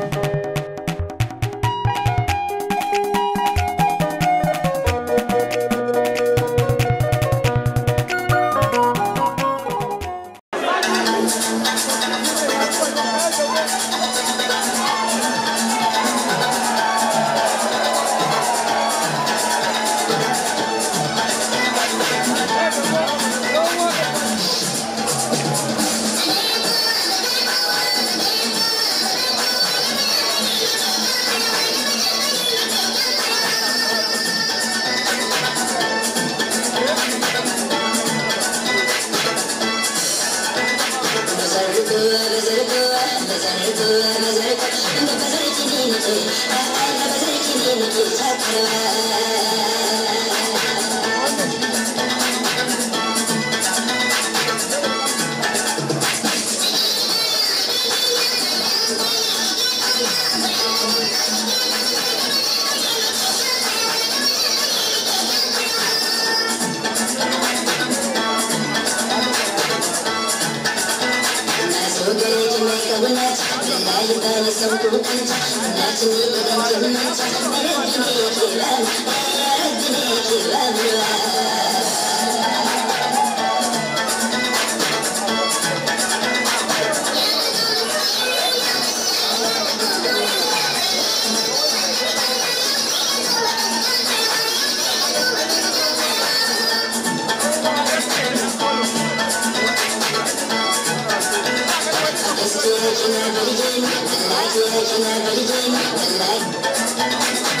Thank you. I'm I Thank you. Tonight, tonight, tonight, tonight, tonight, tonight, tonight, tonight, tonight, tonight,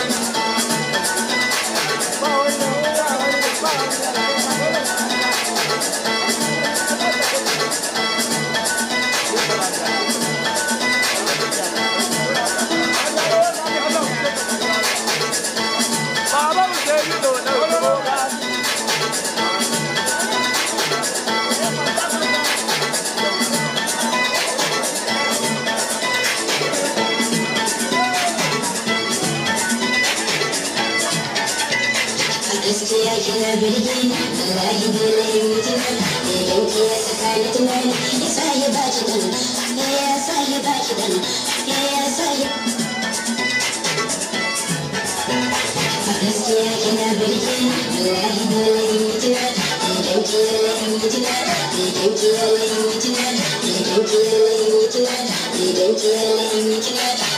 اشتياقنا فلاقي دليل وجمال ليك يا سكانة مال يا صايب باجدا يا صايب باجدا يا صايب اشتياقنا برجال فلاقي دليل وجمال ليك يا ليل وجمال ليك يا ليل وجمال ليك يا ليل وجمال ليك يا ليل وجمال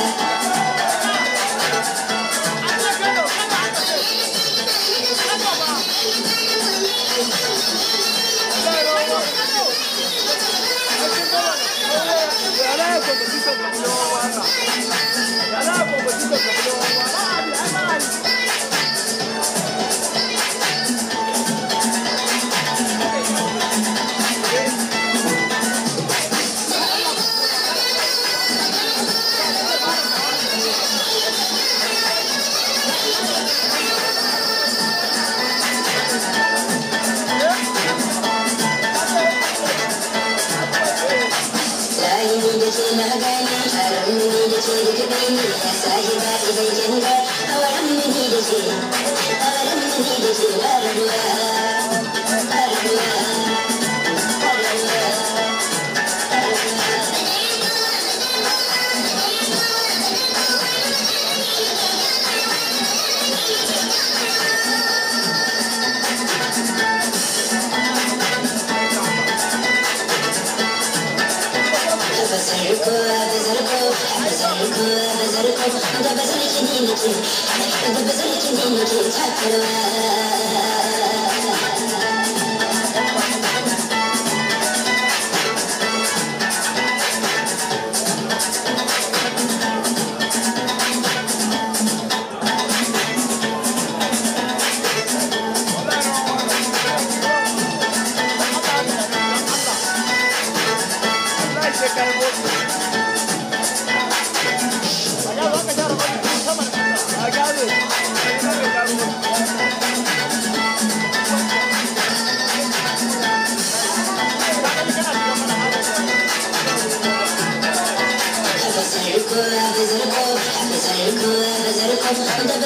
Thank you. Thank you. I'm the best of the king in the king. I'm the best of the king in the king. I'm the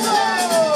Thank you.